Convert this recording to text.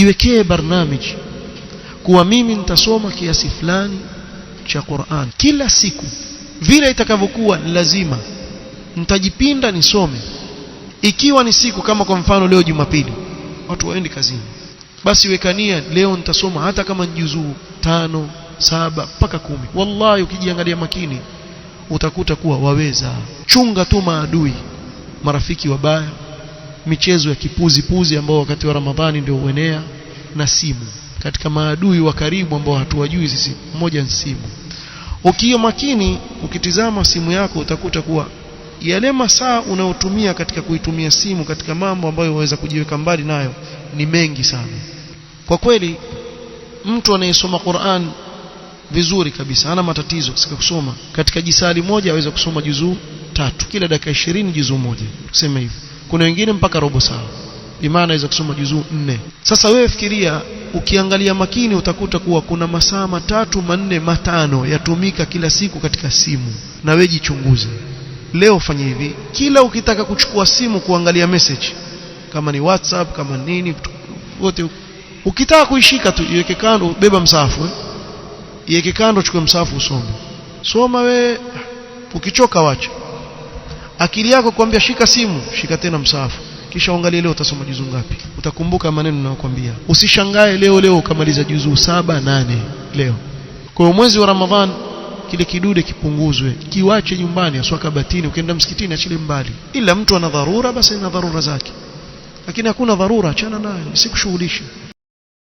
jiwekee barnamiji kuwa mimi nitasoma kiasi fulani cha Qur'an kila siku vile itakavyokuwa ni lazima nitajipinda nisome ikiwa ni siku kama kwa mfano leo Jumapili watu waende kazini basi wekania leo nitasoma hata kama njuzuu tano saba mpaka kumi wallahi ukijiangalia makini utakuta kuwa waweza chunga tu maadui marafiki wabaya michezo ya kipuzi puzi ambao wakati wa Ramadhani ndio huenea na simu katika maadui wa karibu ambao hatuwajui sisi mmoja ni simu ukiyo makini ukitizama simu yako utakuta kuwa yale masaa unayotumia katika kuitumia simu katika mambo ambayo waweza kujiweka mbali nayo ni mengi sana kwa kweli mtu anayesoma Qur'an vizuri kabisa ana matatizo katika kusoma katika jisali moja aweza kusoma juzuu tatu kila dakika 20 juzuu moja tuseme hivyo kuna wengine mpaka robo saa, bimaana aweza kusoma juzuu nne. Sasa wewe fikiria, ukiangalia makini utakuta kuwa kuna masaa matatu manne matano yatumika kila siku katika simu, na wewe jichunguze leo. Fanya hivi, kila ukitaka kuchukua simu kuangalia message, kama ni WhatsApp, kama nini, wote ukitaka kuishika tu iweke kando, beba iweke eh? Iweke kando, chukue msafu usome, soma we, ukichoka wacha akili yako kwambia shika simu shika tena msahafu kisha uangalie leo utasoma juzuu ngapi utakumbuka maneno ninayokuambia usishangae leo leo ukamaliza juzuu saba nane leo kwa hiyo mwezi wa ramadhan kile kidude kipunguzwe kiwache nyumbani aswaka batini ukienda msikitini achile mbali ila mtu ana dharura basi ana dharura zake lakini hakuna dharura achana nayo isikushughulisha